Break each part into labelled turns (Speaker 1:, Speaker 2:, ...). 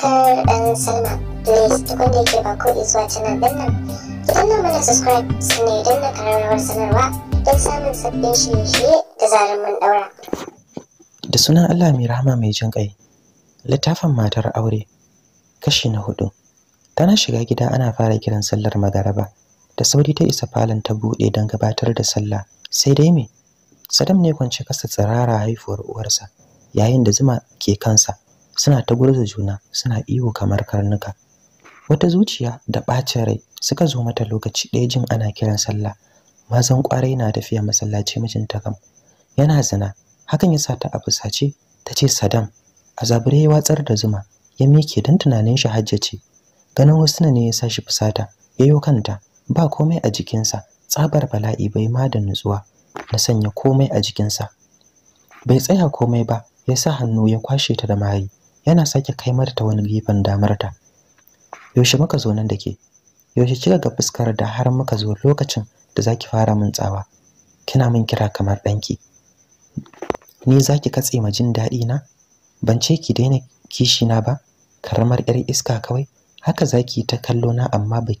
Speaker 1: subscribe and sign up. Please tukun da yake ba ko zuwa canal din nan. Ki danna mana subscribe sannan idan na kararrawar sanarwa don samun sabbin shirye-shirye da zarar mun daura. Da sunan Allah mai rahama mai jin ƙai. Littafin matar aure kashi na hudu. Tana shiga gida ana fara kiran sallar magaraba. Da sauri ta isa falon ta buɗe don gabatar da sallah. Sai dai me? Sadam ne kwance kasa tsirara haifuwar uwarsa yayin da zuma ke kansa. suna ta gurza juna suna iyo kamar karnuka wata zuciya da ɓacin rai suka zo mata lokaci ɗaya jin ana kiran sallah mazan kwarai na tafiya masallaci mijinta kam yana zina hakan ya sa ta a fusace ta ce sadam a zabire ya watsar da zuma ya miƙe don tunanin shi hajja ce ganin wasu ne ya sa shi fusata ya yi kanta ba komai a jikinsa tsabar bala'i bai ma da nutsuwa na sanya komai a jikinsa bai tsaya komai ba ya sa hannu ya kwashe ta da mayi yana sake kai mata wani gefen damar ta yaushe muka zo nan dake ke yaushe kika ga fuskar da har muka zo lokacin da zaki fara min tsawa kina min kira kamar danki ni zaki katse ma jin daɗi na ban ce ki daina kishi na ba karamar yar iska kawai haka zaki ta kallo na amma ba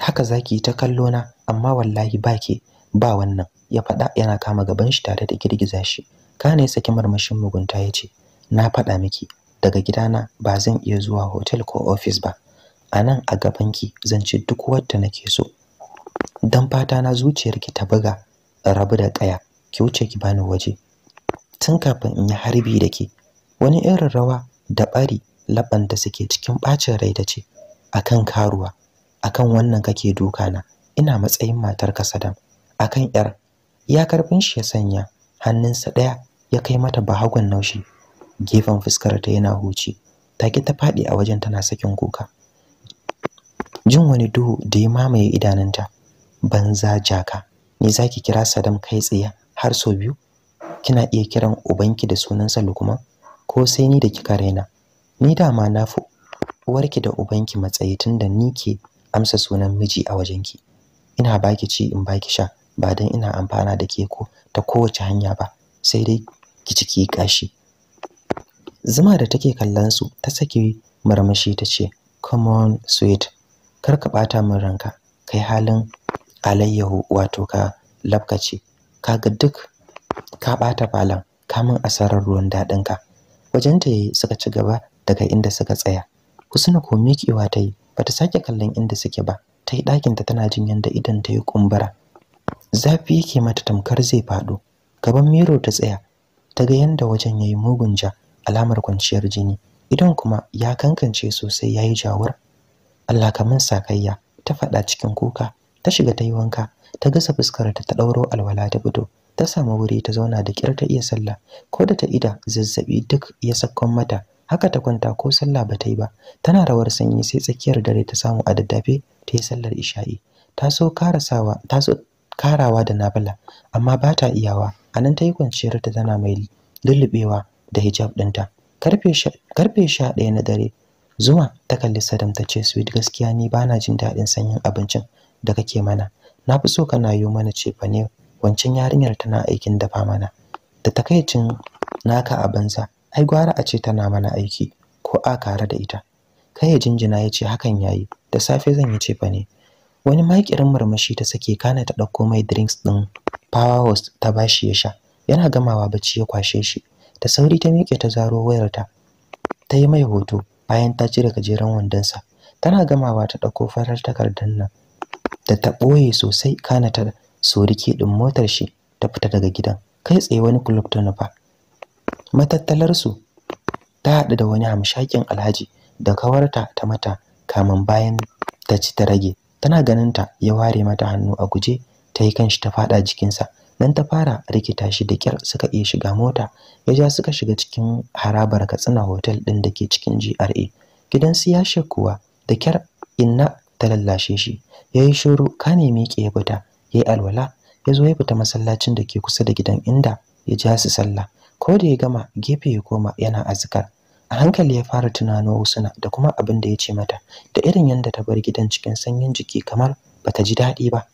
Speaker 1: haka zaki ta kallo na amma wallahi ba ke ba wannan ya faɗa yana kama gaban shi tare da girgiza shi kana ya saki marmashin mugunta ya ce na faɗa miki daga gidana ba zan iya zuwa hotel ko office ba a nan a gabanki zan ci duk wadda nake so Don fata na ki ta buga rabu da ƙaya, ki wuce ki bani waje tun kafin in yi harbi da ke wani irin rawa da bari labanta suke cikin ɓacin rai da ce kan karuwa a kan wannan kake duka na ina matsayin matar ka sadam kan yar ya karfin shi ya sanya hannunsa ɗaya ya kai mata bahagon naushi gefen ta yana huce take ta faɗi a wajen tana sakin kuka jin wani duhu da ya mamaye idanunta banza jaka ni zaki kira Sadam kai tsaye har so biyu kina iya kiran ubanki da sunansa lukuma ko sai ni da kika raina ni dama na fi uwarki da ubanki matsayi tunda ni ke amsa sunan miji a wajen ki. ina baki ci in baki sha ba dan ina amfana da ke ko ta kowace hanya ba sai dai ki ciki kashi zuma da take kallon su ta saki marmashi ta ce come on sweet kar ka bata min ranka kai halin alayyahu wato ka labkace kaga duk ka bata balan kamun asarar ruwan dadin ka wajen ta yayi suka ci gaba daga inda suka tsaya husna ko mikewa ta yi bata sake kallon inda suke ba ta yi ɗakinta tana jin yadda idan ta yi kumbura zafi yake mata tamkar zai faɗo gaban miro ta tsaya ta ga yanda wajen yayi mugun ja alamar kwanciyar jini idan kuma ya kankance sosai yayi jawar Allah kamun sakayya ta faɗa cikin kuka ta shiga ta yi wanka ta gasa fuskar ta ta ɗauro alwala ta fito ta samu wuri ta zauna da kyar ta iya sallah ko da ta ida zazzabi duk ya sakkon mata haka ta kwanta ko sallah ba ta yi ba tana rawar sanyi sai tsakiyar dare ta samu a daddafe ta yi sallar isha'i ta so karasawa ta so karawa da nabala amma ba ta iyawa nan ta yi kwanciyar ta tana mai lullubewa da hijab ɗinta karfe sha ɗaya na dare zuma ta kalli sadam ta ce sweet gaskiya ni bana jin daɗin sanyin abincin da kake mana na fi so kana yi mana fa ne wancan yarinyar tana aikin dafa mana da takaicin naka a banza ai gwara a ce tana mana aiki ko a kare da ita kai jinjina ya ce hakan yayi da safe zan yi fa ne wani makirin murmushi ta sake kana ta ɗauko mai drinks ɗin power host ta bashi ya sha yana gamawa bacci ya kwashe shi da sauri ta miƙe ta zaro wayarta ta yi mai hoto bayan ta cire gajeren wandonsa tana gamawa ta ɗauko farar takardar nan da ta ɓoye sosai kana ta soriki ɗin motar shi ta fita daga gidan kai tsaye wani kulub ta nufa matattalarsu ta haɗu da wani hamshakin alhaji da kawarta ta mata kamun bayan ta ci ta rage tana ganin ta ya ware mata hannu a guje ta yi kan shi ta faɗa jikinsa nan ta fara rikita shi da kyar suka iya shiga mota ya ja suka shiga cikin harabar katsina hotel ɗin da ke cikin GRA gidan su siyashe kuwa da kyar inna ta lallashe shi ya yi shiru kane miƙe ya fita ya yi alwala ya zo ya fita masallacin da ke kusa da gidan inda ya ja su sallah ko da ya gama gefe ya koma yana azkar a hankali ya fara tunano usuna da kuma abin da ya ce mata da irin yadda ta bar gidan cikin sanyin jiki kamar bata ji daɗi ba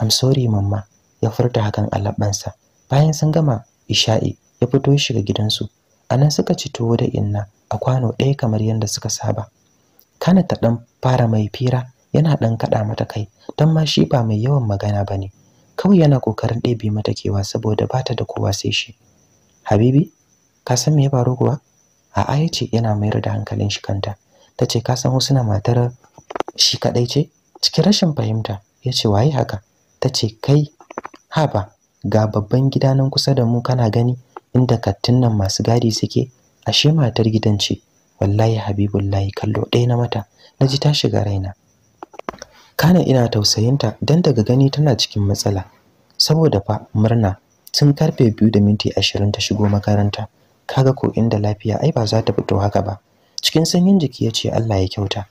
Speaker 1: I'm sorry mamma ya furta hakan a labansa, bayan sun gama isha'i ya fito ya shiga gidansu anan suka ci tuwo da inna a kwano ɗaya kamar yadda suka saba kana ta dan fara mai fira yana dan kada mata kai dan ma shi ba mai yawan magana bane kawai yana kokarin ɗebe mata kewa saboda bata da kowa sai shi habibi ka san me ya faru kuwa a'a yace yana mayar da hankalin shi kanta tace ka san na matar shi kadai ce cikin rashin fahimta yace waye haka tace kai haba ga babban gida nan kusa da mu kana gani inda kattun nan masu gadi suke ashe matar gidan ce wallahi habibullahi kallo ɗaya na mata ji ta shiga raina kana ina tausayinta dan daga gani tana cikin matsala saboda fa murna tun karfe biyu da minti ashirin ta shigo makaranta kaga ko inda lafiya ai ba za ta fito haka ba cikin sanyin jiki ya ce Allah ya kyauta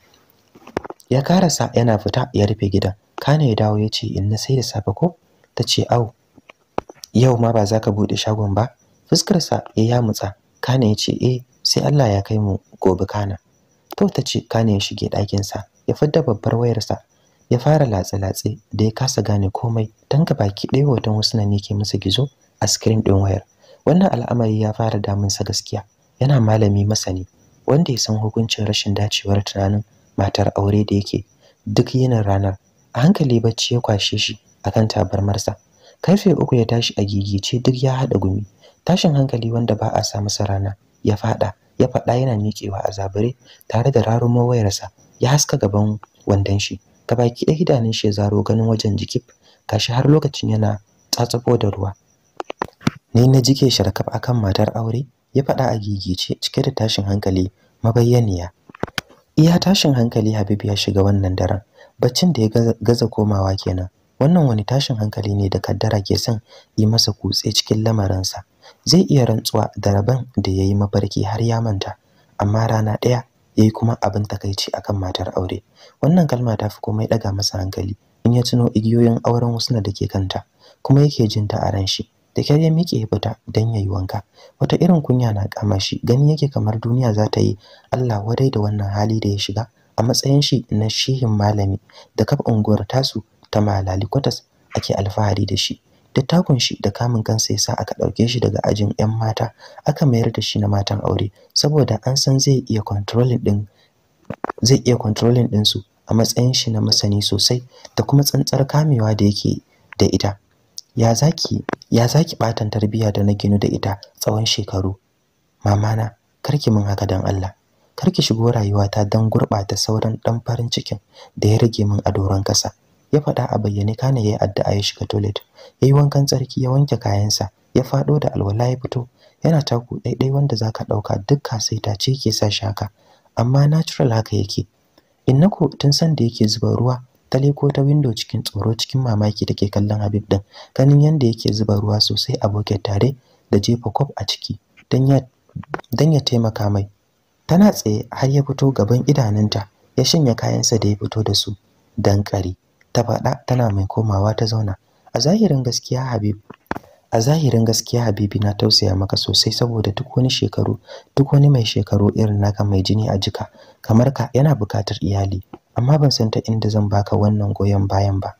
Speaker 1: ya karasa yana fita ya rufe gidan kana ya dawo ya ce in na sai da safe ko ta ce au yau ma ba za ka buɗe shagon ba Fuskar fuskarsa ya yamutsa kana ya ce e sai Allah ya kai mu gobe kana to ta ce kana ya shige ɗakinsa ya fidda babbar wayarsa ya fara latsa latse da ya kasa gane komai don ka baki ɗaya hoton wasu ne ke masa gizo a screen ɗin wayar wannan al'amari ya fara damunsa gaskiya yana malami masani wanda ya san hukuncin rashin dacewar tunanin matar aure da yake duk yinin ranar a hankali bacci ya kwashe shi akan tabarmarsa karfe uku ya tashi a gigice duk ya haɗa gumi tashin hankali wanda ba a sa masa rana ya faɗa ya faɗa yana miƙewa a zabare tare da rarumo wayarsa ya haska gaban wandon shi gabaki ɗaya idanun shi ya zaro ganin wajen jikip Kashi har lokacin yana tsatsabo da ruwa ni na jike sharkaf akan matar aure ya faɗa a gigice cike da tashin hankali mabayyaniya iya tashin hankali habib ya shiga wannan daren baccin da ya gaza komawa kenan wannan wani tashin hankali ne da kaddara ke son yi masa kutse cikin lamarinsa zai iya rantsuwa da rabon da ya yi mafarki har ya manta amma rana ɗaya ya yi kuma abin takaici akan matar aure wannan kalma ta fi komai ɗaga masa hankali in ya tuno igiyoyin auren na da ke kanta kuma yake jin ta a ran shi da kyar ya miƙe ya fita don ya yi wanka wata irin kunya na kama shi gani yake kamar duniya za ta yi allah wadai da wannan hali da ya shiga a matsayin shi na shihin malami da kafa unguwar tasu ta Malali kwatas ake alfahari da shi. Dattakun shi da kamun kansa yasa aka ɗauke shi daga ajin 'yan mata aka mayar da shi na matan aure saboda an san zai iya controlling din zai iya controlling din su a matsayin shi na masani sosai da kuma tsantsar kamewa da yake da ita. Ya zaki ya zaki batan tarbiyya da na ginu da ita tsawon shekaru. Mamana karki min haka dan Allah. Karki shigo rayuwata dan gurɓata sauran ɗan farin cikin da ya rage min a doron kasa. ya faɗa a bayyane kana yi addu'a ya shiga toilet yi wankan tsarki ya wanke kayansa ya faɗo da alwala ya fito yana taku ɗaiɗai wanda zaka ɗauka dukka sai ta ce ke sa shaka amma natural haka yake innako tun san da yake zuba ruwa ta leko ta window cikin tsoro cikin mamaki ke kallon Habib din ganin yanda yake zuba ruwa sosai a bokin tare da jefa kwaf a ciki dan ya ya taimaka mai tana tsaye har ya fito gaban idanunta ya shanya kayansa da ya fito da su dankari ta faɗa tana mai komawa ta zauna a zahirin gaskiya habib a zahirin gaskiya habibi na tausaya maka sosai saboda duk wani shekaru duk wani mai shekaru irin naka mai jini a jika kamar ka yana bukatar iyali amma ban san ta inda zan baka wannan goyon bayan ba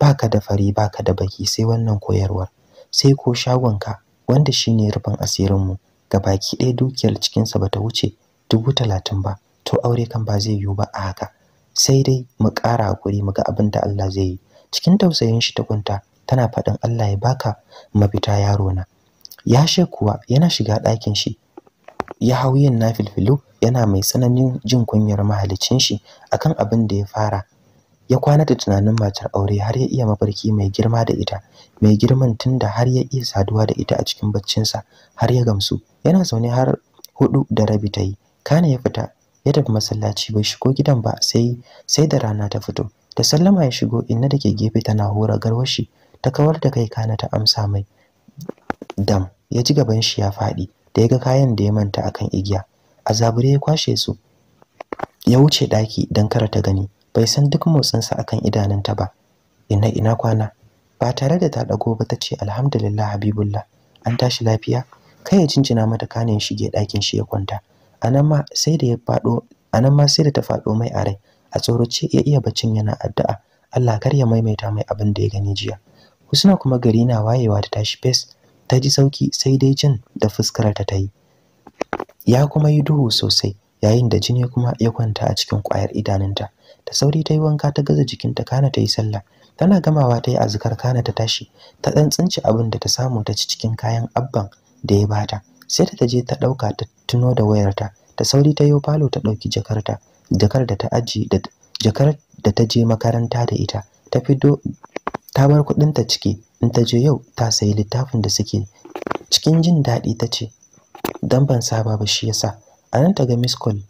Speaker 1: baka da fari baka da baki sai wannan koyarwar sai ko shagonka wanda shine rufin asirin asirinmu baki ɗaya dukiyar cikinsa bata wuce dubu talatin ba to aure kan ba zai yiwu ba a haka sai dai mu ƙara hakuri mu ga abin da Allah zai yi cikin tausayin shi ta kunta tana faɗin Allah ya baka mafita yaro na Ya she kuwa yana shiga ɗakin shi ya hau yin nafilfilu yana mai tsananin jin kunyar mahalicin shi akan abin da ya fara ya kwana da tunanin matar aure har ya iya mafarki mai girma da ita mai girman tunda har ya iya saduwa da ita a cikin baccinsa har ya gamsu yana zaune har hudu da rabi ta yi kana ya fita ya tafi masallaci bai shigo gidan ba sai sai da rana ta fito da sallama ya shigo inna dake gefe tana hura garwashi ta kawar da kai kana ta amsa mai dam ya ji gaban shi ya faɗi da ya ga kayan da ya manta akan igiya a zabure ya kwashe su ya wuce daki dan kara ta gani bai san duk motsinsa akan idanunta ba inna ina kwana ba tare da ta ɗago ba ta ce alhamdulillah habibullah an tashi lafiya kai ya cincina mata kanin shige ɗakin shi ya kwanta anan ma sai da ya sai da ta faɗo mai a rai a tsoroce ya iya baccin yana addu'a Allah kar ya maimaita mai abin da ya gani jiya Husna kuma gari na wayewa ta tashi fes ta ji sauki sai dai jin da fuskar ta ta yi ya kuma yi duhu sosai yayin da jini kuma ya kwanta a cikin ƙwayar idanunta ta sauri ta yi wanka ta gaza jikinta kana ta yi sallah tana gamawa ta yi azkar kana ta tashi ta dan tsinci abin da ta samu ta ci cikin kayan abban da ya bata sai ta je ta ɗauka ta tuno da wayarta ta sauri ta yo falo ta ɗauki jakarta jakar da ta aji da jakar da ta je makaranta da ita ta fito ta bar kuɗin ta ciki in ta je yau ta sayi littafin da suke cikin jin daɗi ta ce dan ban saba ba shi yasa a nan ta ga miss call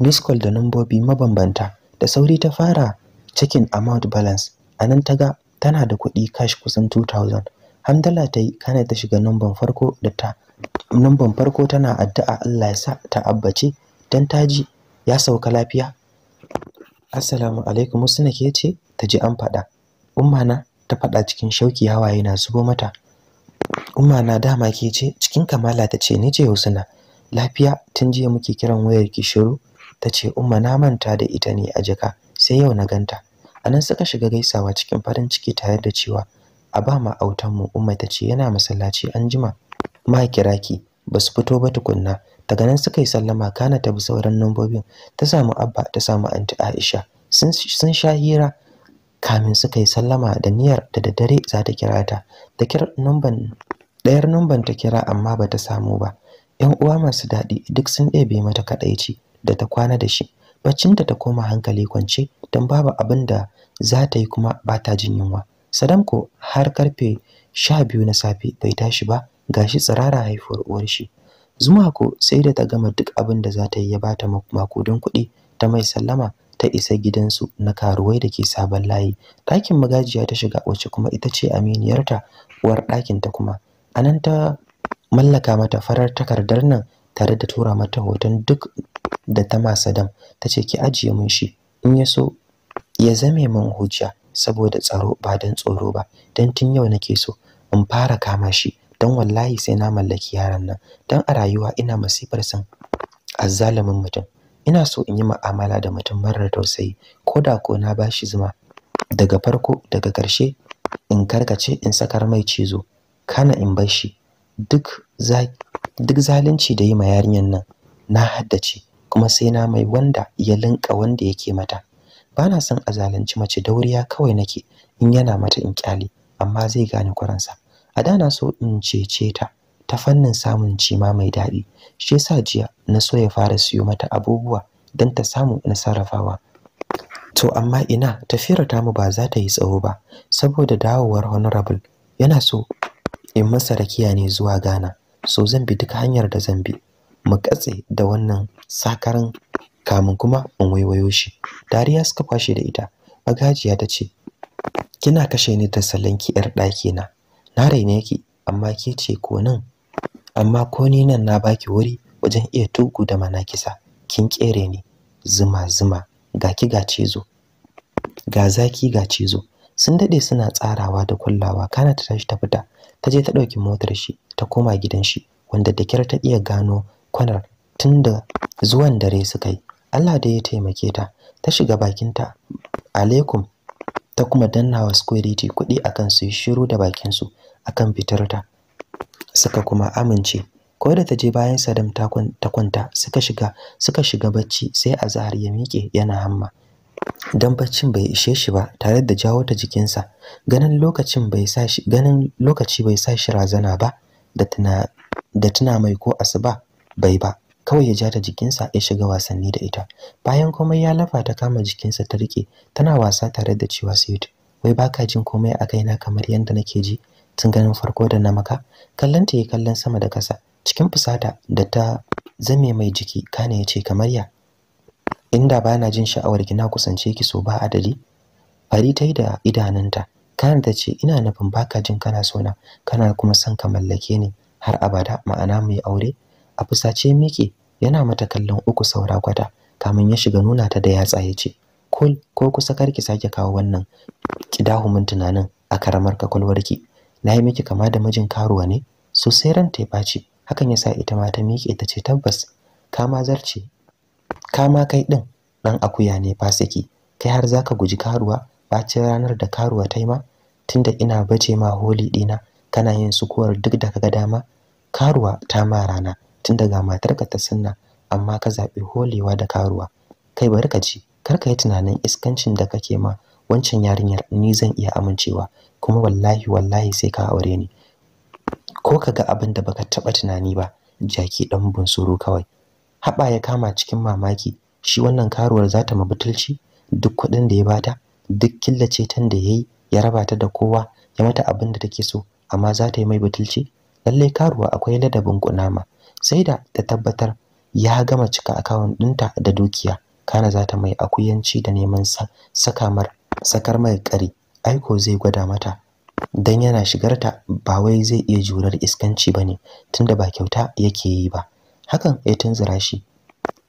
Speaker 1: miss call da numbobi mabambanta da sauri ta fara checking amount balance a nan ta ga tana da kuɗi cash kusan 2000 hamdala ta yi kana ta shiga numban farko da ta numban farko tana addu'a Allah ya sa ta abbace dan taji ya sauka lafiya assalamu alaikum suna ke ce ta ji an faɗa ummana ta faɗa cikin shauki hawaye na zubo mata ummana dama ke ce cikin kamala ta ce ni ce husna lafiya tun jiya muke kiran wayar ki shiru ta ce umma na manta da ita ne a jaka sai yau na ganta anan suka shiga gaisawa cikin farin ciki tare da cewa a ba ma autan mu umma ta ce yana masallaci an jima ma kira ba su fito ba tukunna daga nan suka yi sallama kana ta bi sauran nambobin ta samu abba ta samu anti Aisha sun sha hira kamin suka yi sallama da niyyar da daddare za ta kira ta da numban ɗayar numban ta kira amma ba ta samu ba yan uwa masu daɗi duk sun ɗebe mata kaɗaici da ta kwana da shi baccinta ta koma hankali kwance don babu abin da za ta yi kuma ba ta jin yunwa Sadam ko har karfe sha biyu na safe bai tashi ba gashi tsirara haifuwar uwar shi. Zuma ko sai da ta gama duk abin da za ta yi ya ba ta makudan kuɗi ta mai sallama ta isa gidansu na karuwai da ke sabon layi. Ɗakin magajiya ta shiga wacce kuma ita ce aminiyarta uwar ɗakin ta kuma. A nan ta mallaka mata farar takardar nan tare da tura mata hoton duk da ta ma Sadam ta ce ki ajiye mun shi in ya so ya zame min hujja saboda tsaro ba don tsoro ba don tun yau nake so in fara kama shi don wallahi sai na mallaki yaran nan don a rayuwa ina masifar san azzalumin mutum ina so in yi mu'amala da mutum marar tausayi ko da ko na bashi zuma daga farko daga ƙarshe in karkace in sakar mai cizo kana in bar shi duk duk zalunci da yi ma yarinyar nan na haddace kuma sai na mai wanda ya linka wanda yake mata bana son a zalunci mace dauriya kawai nake in yana mata in kyale amma zai gane kuransa a da na so in cece ta ta fannin samun cima mai daɗi shi yasa jiya na so ya fara siyo mata abubuwa don ta samu na sarrafawa to amma ina tafiyar mu ba za ta yi tsawo ba saboda dawowar honorable yana so in masa rakiya ne zuwa Ghana so zan bi duk hanyar da zan bi mu katse da wannan sakarin kamun kuma in waiwayo shi dariya suka kwashe da ita bagajiya ta ce kina kashe ni da salanki yar ɗaki na na raine ki amma ke ce ko nan amma ko ni nan na baki wuri wajen iya tugu da mana kisa, kin kere ni zuma zuma ga ki ga cizo ga zaki ga cizo sun dade suna tsarawa da kullawa kana ta tashi ta fita ta je ta ɗauki motar shi ta koma gidan shi wanda da kyar ta iya gano kwanar da zuwan dare suka yi Allah da ya taimake ta ta shiga bakinta alaikum ta kuma dannawa security kuɗi akan su yi shiru da bakinsu akan fitar ta suka kuma amince ko da ta je bayan Sadam ta kwanta suka shiga suka shiga bacci sai Azhar ya miƙe yana hamma dan baccin bai ishe shi ba tare da jawo ta jikinsa ganin lokacin bai sa shi ganin lokaci bai sa shi razana ba da tuna da tuna mai ko asuba bai ba kawai ya ja da jikinsa ya shiga wasanni da ita bayan komai ya lafa ta kama jikinsa ta rike tana wasa tare da cewa sweet wai baka jin komai a kaina kamar yadda nake ji tun ganin farko da na maka kallon ta yi kallon sama da kasa cikin fusata da ta zame mai jiki kana ya ce kamar ya inda bana jin sha'awar ki na kusance ki so ba adali fari ta yi da idanunta kana ta ce ina nufin baka jin kana sona kana kuma son ka mallake ni har abada ma'ana mu aure a fusace miki yana mata kallon uku saura kwata kamin ya shiga nuna ta da yatsa ya ce kul ko kusa karki sake kawo wannan kidahumin tunanin a karamar kakwalwarki na yi miki kama da mijin karuwa ne sosai ran ta baci, hakan ya sa ita ma ta miƙe ta ce tabbas kama zarce kama kai ɗin Dan akuya ne fasiki kai har zaka guji karuwa bacin ranar da karuwa ta yi ma tunda ina bace ma holi ɗina kana yin sukuwar duk da kaga dama karuwa ta ma rana tun daga matarka ta sunna amma ka zaɓi holewa da karuwa kai bari ka ci kar ka yi tunanin iskancin da kake ma wancan yarinyar ni zan iya amincewa kuma wallahi wallahi sai ka aure ni ko ka ga abin da baka taɓa tunani ba jaki ɗan bunsuru kawai haɓa ya kama cikin mamaki shi wannan karuwar za ta mabutulci duk kuɗin da ya bata duk killace tan da yayi ya raba ta da kowa ya mata abin da take so amma za ta yi mai butulci Lallai karuwa akwai ladabin kunama sai da ta tabbatar ya gama cika akawun ɗinta da dukiya kana za ta mai akuyanci da neman sakamar sakar mai ƙari aiko zai gwada mata dan yana shigarta ba wai zai iya jurar iskanci ba ne, tunda ba kyauta yake yi ba hakan ya tunzura shi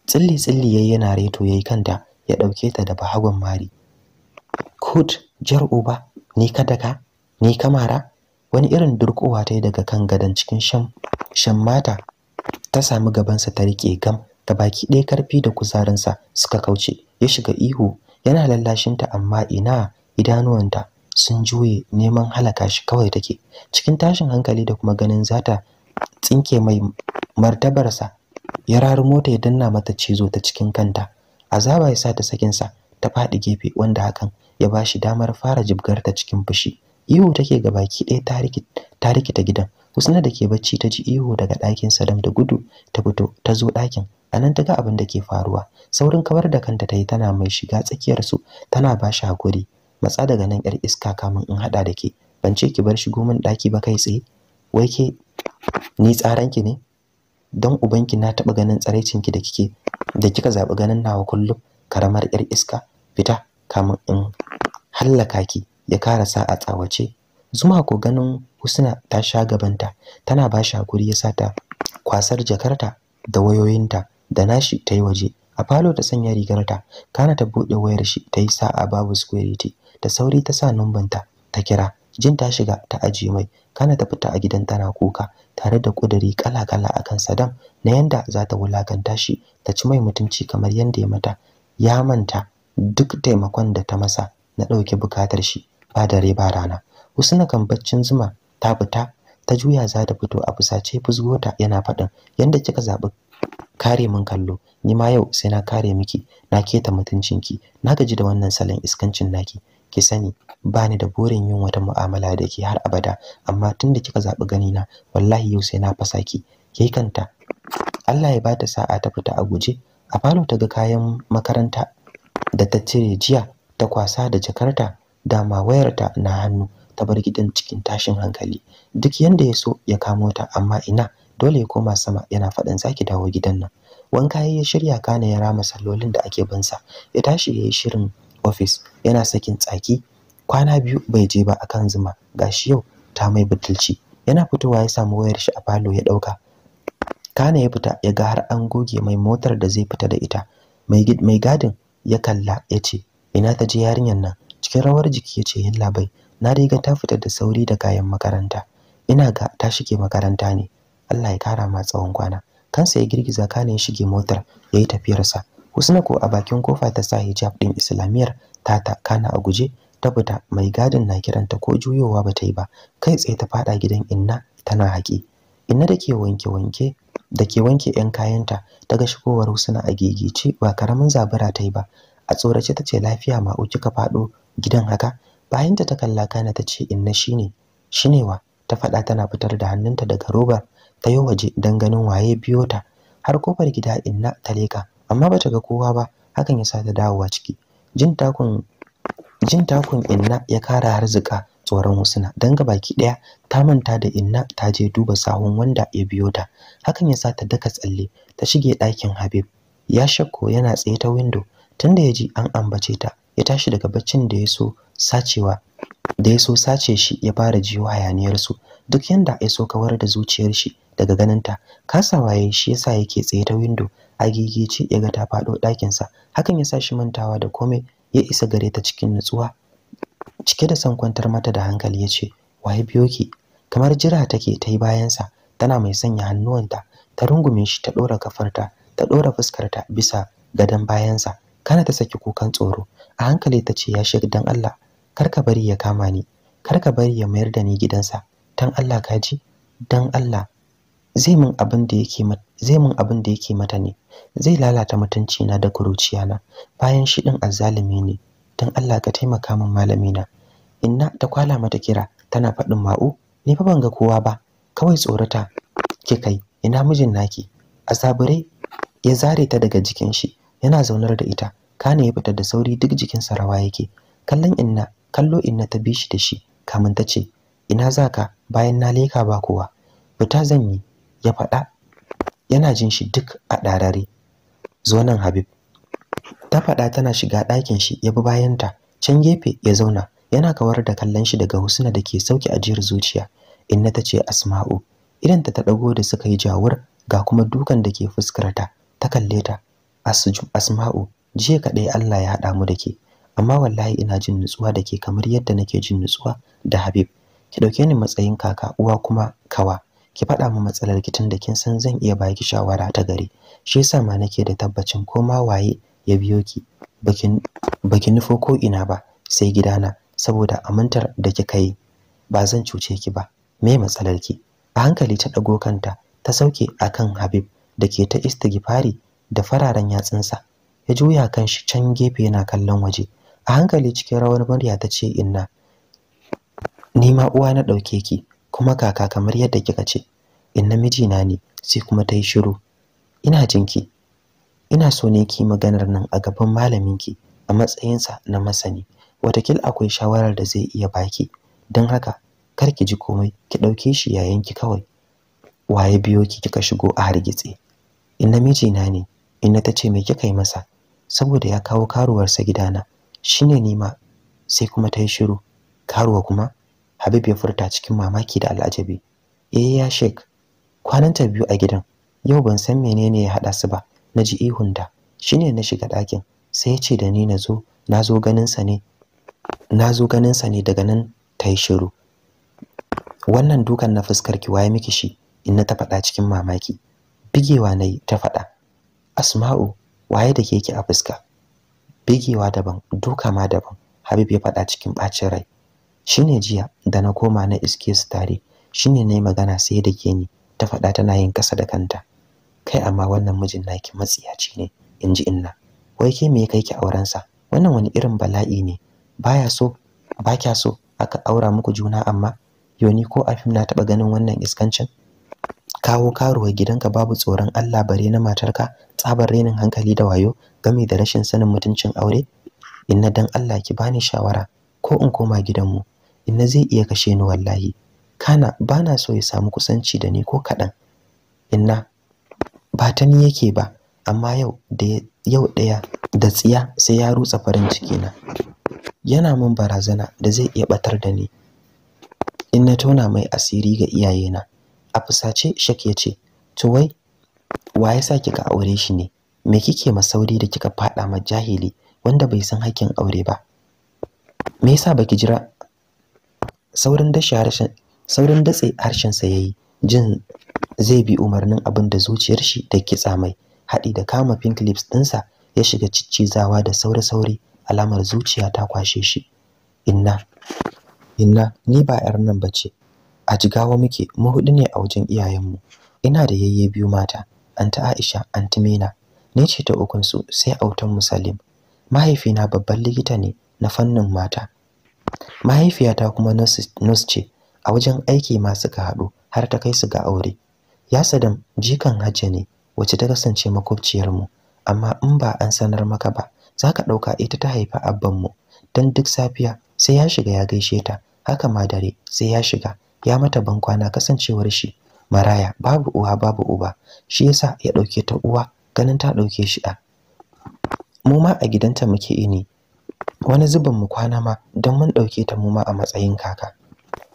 Speaker 1: tsilli tsilli yayi yana reto yayi kanta ya ɗauke ta da bahagon mari kut jar uba ni kada ka ni kamara wani irin durƙuwa ta daga kan gadon cikin shan mata ta sami gabansa ta rike gam ga baki ɗaya karfi da kuzarinsa suka kauce ya shiga ihu yana lallashinta amma ina idanuwanta sun juye neman halaka shi kawai take cikin tashin hankali da kuma ganin zata tsinke mai martabarsa ya rari mota ya danna mata cizo ta cikin kanta azaba ya sa ta sakinsa ta faɗi gefe wanda hakan ya ba shi damar fara jibgarta cikin fushi ihu take ga baki ɗaya ta rikita gidan Husna da ke bacci ta ji ihu daga ɗakin Salam da gudu ta fito ta zo ɗakin. A nan ta ga abin da ke faruwa. Saurin kawar da kanta ta yi tana mai shiga tsakiyar su tana ba shi hakuri. Matsa daga nan yar iska kamun in haɗa da ke. Ban ce ki bar shigo min ɗaki ba kai tsaye. Wai ke ni tsaranki ne? Don ubanki na taɓa ganin tsaraicinki da kike da kika zaɓi ganin nawa kullum karamar yar iska. Fita kamun in hallaka ki ya karasa a tsawace. Zuma ko ganin Husna ta sha gabanta tana ba shi hakuri ya sa kwasar jakarta da wayoyinta da nashi ta yi waje a falo ta sanya rigarta kana ta bude wayar shi ta yi sa'a babu security da sauri ta sa numbanta ta ta kira jin ta shiga ta ajiye mai kana ta fita a gidan tana kuka tare da kudari kala-kala akan Saddam na yanda za ta wulakanta shi ta ci mai mutunci kamar yanda ya mata ya manta duk taimakon da ta masa na ɗauki bukatar shi ba dare ba rana Husna kan baccin zuma ta fita ta juya za ta fito a fusace fusgota yana faɗin yanda kika zaɓi kare min kallo ni ma yau sai na kare miki na keta mutuncin ki, na gaji da wannan salon iskancin naki ki sani ba ni da burin yin wata mu'amala da ke har abada amma tunda kika zaɓi na wallahi yau sai na fasa ki ke kanta Allah ya ba ta sa'a ta fita a guje a falo ta ga kayan makaranta da ta cire jiya ta kwasa da jakarta dama wayarta na hannu ta bar gidan cikin tashin hankali duk yanda ya so ya kamo ta amma ina dole ya koma sama yana faɗin zaki dawo gidan nan wanka ya shirya kana ya rama sallolin da ake bansa ya tashi ya yi shirin ofis yana sakin tsaki kwana biyu bai je ba akan zuma gashi yau ta mai butulci yana fitowa ya samu wayar shi a falo ya ɗauka. kana ya fita ya ga har an goge mai motar da zai fita da ita mai gadin ya kalla ya ce ina ta je yarinyar nan cikin rawar jiki ya ce yin labai na riga ta fita da sauri da kayan makaranta ina ga ta shige makaranta ne Allah ya kara ma tsawon kwana kansa ya girgiza kanin shige motar Ya yayi tafiyarsa Husna ko a bakin kofa ta sa hijab din Islamiyar tata kana a guje ta fita mai gadin na kiranta ko juyowa ba ta yi ba kai tsaye ta fada gidan Inna tana haƙi Inna da wanke wanke da ke wanke 'yan kayanta daga shigowar Husna a gigice ba karamin zabura ta yi ba a tsorace ta ce lafiya uki ka faɗo gidan haka bayanta ta kalla kana ta ce inna shine shinewa ta faɗa tana fitar da hannunta daga robar ta yi waje don ganin waye biyo ta har kofar gida inna ta leka amma bata ga kowa ba hakan ya sa ta dawowa ciki jin takun jin takun inna ya kara harzika tsoron husna don ga baki ɗaya ta manta da inna ta je duba sahun wanda ya biyo ta hakan ya sa ta daka tsalle ta shige ɗakin habib ya shakko yana tsaye ta window. tunda ya ji an ambace ta ya tashi daga baccin da ya so sacewa da ya so sace shi ya fara jiyo hayaniyar su duk yanda ya so kawar da zuciyar shi daga ganinta kasawa yayi shi yasa yake tsaye ta window agigece ya ga ta faɗo ɗakin sa hakan yasa shi mantawa da komai ya isa gare ta cikin nutsuwa cike da son kwantar mata da hankali ya ce waye biyo ki kamar jira take ta yi bayansa tana mai sanya hannuwanta ta rungume shi ta ɗora kafarta ta ɗora fuskarta bisa gadon bayansa kana ta saki kukan tsoro a hankali ta ce ya shek dan Allah kar ka bari ya kama ni kar ka bari ya mayar da ni gidansa dan Allah ka ji dan Allah zai min abin da yake zai min abin da yake mata ne zai lalata mutunci na da kuruciya na bayan shi din azzalumi ne dan Allah ka taimaka min malami na inna ta kwala mata kira tana faɗin ma'u ni fa ban ga kowa ba kawai tsorata ki kai ina mijin naki azabure ya zare ta daga jikin shi yana zaunar da ita kana ya fita da sauri duk jikin sa rawa yake kallon inna kallo inna ta bi shi da shi kamun ta ce ina zaka bayan na leka ba kowa fita zan yi ya faɗa yana jin shi duk a ɗarare zo nan habib ta faɗa tana shiga ɗakin shi ya bi bayanta can gefe ya zauna yana kawar da kallon shi daga husuna da ke sauke ajiyar zuciya inna ta ce asma'u idan ta ta ɗago da suka yi jawur ga kuma dukan da ke fuskarta ta kalle ta asma'u jiya kaɗai Allah ya haɗa mu da ke amma wallahi ina jin nutsuwa da ke kamar yadda nake jin nutsuwa da Habib ki ɗauke ni matsayin kaka uwa kuma kawa ki faɗa mu matsalar ki tunda kin san zan iya baki shawara ta gari shi yasa ma nake da tabbacin ko ma waye ya biyo ki baki nufo ko ina ba sai gidana saboda amintar da kika yi ba zan cuce ki ba me matsalar ki a hankali ta ɗago kanta ta sauke akan Habib da ke ta istighfari da fararen yatsunsa ya juya kan shi can gefe yana kallon waje a hankali cikin rawar murya ta ce inna ni ma uwa na ɗauke ki kuma kaka kamar yadda kika ce inna na ne sai kuma ta yi shiru ina jinki ina so ne ki maganar nan a gaban malaminki a matsayinsa na masani watakil akwai shawarar da zai iya baki don haka kar ki ji komai ki ɗauke shi yayinki kawai waye biyo ki kika shigo a hargitse inna na ne inna ta ce me kika yi masa saboda ya kawo karuwarsa gidana shine nima sai kuma ta yi shiru karuwa kuma habib ya furta cikin mamaki da al'ajabi eh ya shek kwananta biyu a gidan yau ban san menene ya haɗa su ba na ji ihun da ne na shiga ɗakin sai ya ce da ni na zo na zo ganinsa ne daga nan ta yi shiru wannan dukan na fuskar ki waye miki shi in na ta faɗa cikin mamaki bigewa na yi ta faɗa asma'u waye da keke a fuska bigewa daban duka ma daban habib ya faɗa cikin ɓacin rai shine jiya da na koma na iske su tare shine nayi magana sai da ke ni ta faɗa tana yin kasa da kanta kai amma wannan mijin naki matsiyaci ne inji inna wai ke me ya kai ki auren wannan wani irin bala'i ne baya so ba kya so aka aura muku juna amma yoni ko afim na taɓa ganin wannan iskancin kawo karuwa gidanka babu tsoron Allah bare na matarka tsabar renin hankali da wayo game da rashin sanin mutuncin aure inna dan Allah ki bani shawara ko in koma gidanmu inna zai iya kashe ni wallahi kana bana so ya samu kusanci da ni ko kadan inna ba ta ni yake ba amma yau da yau daya da tsiya sai ya rutsa farin ciki na yana min barazana da zai iya batar da ni Inna na tona mai asiri ga iyayena a fusace shak ya ce to wai wa ya sa kika aure shi ne me kike ma masauri da kika fada ma jahili wanda bai san hakkin aure ba me yasa baki jira saurin da saurin datse harshen sa yayi jin zai bi umarnin abin da zuciyar shi ta kitsa mai haɗi da kama pink lips ɗinsa ya shiga ciccizawa da saura sauri alamar zuciya ta kwashe shi inna inna ni ba 'yar nan bace a jigawa muke mu hudu ne a wajen iyayenmu ina da yayye biyu mata anta Aisha anti Mena ne ce ta ukun su sai autan Musalim mahaifina babban likita ne na fannin mata mahaifiyata kuma nurse ce a wajen aiki ma suka haɗu har ta kai su ga aure ya sadam jikan hajja ne wacce ta kasance makwabciyarmu amma in ba an sanar maka ba za ka ɗauka ita ta haifa mu. don duk safiya sai ya shiga ya gaishe ta haka ma dare sai ya shiga ya mata bankwana kasancewar shi maraya babu uwa babu uba shi yasa ya dauke ta uwa ganin ta dauke shi a mu ma a gidanta muke ini wani zubin mu kwana ma don mun dauke ta mu ma a matsayin kaka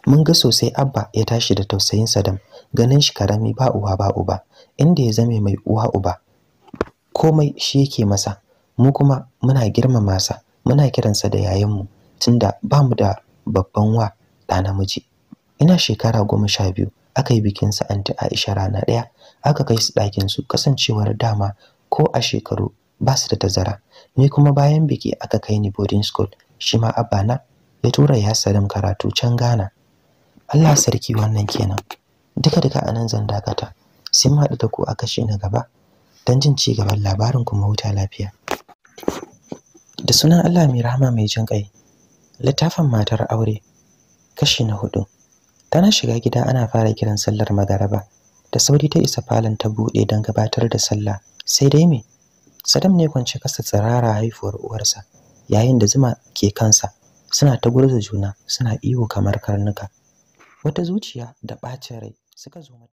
Speaker 1: mun ga sosai abba ya tashi da tausayin sadam ganin shi karami ba uwa ba uba inda ya zame mai uwa uba komai shi yake masa mu kuma muna girmama sa muna kiransa da mu tunda ba mu da babban wa ɗa namiji ina shekara goma sha biyu aka yi bikin sa anti Aisha rana ɗaya aka kai su ɗakin su kasancewar dama ko a shekaru ba su da tazara ni kuma bayan biki aka kai ni boarding school shi ma na, ya tura ya salim karatu can gana. Allah sarki wannan kenan duka duka anan zan dakata sai mu haɗu da ku a kashe na gaba don jin ci gaban labarin kuma wuta lafiya da sunan Allah mai rahama mai jin ƙai littafin matar aure kashi na hudu tana shiga gida ana fara kiran sallar magaraba da sauri ta isa falon ta buɗe don gabatar da sallah sai dai me sadam ne kwance kasa tsirara haifuwar uwarsa yayin da zuma ke kansa suna ta gurza juna suna iwo kamar karnuka wata zuciya da ɓacin rai suka zo mata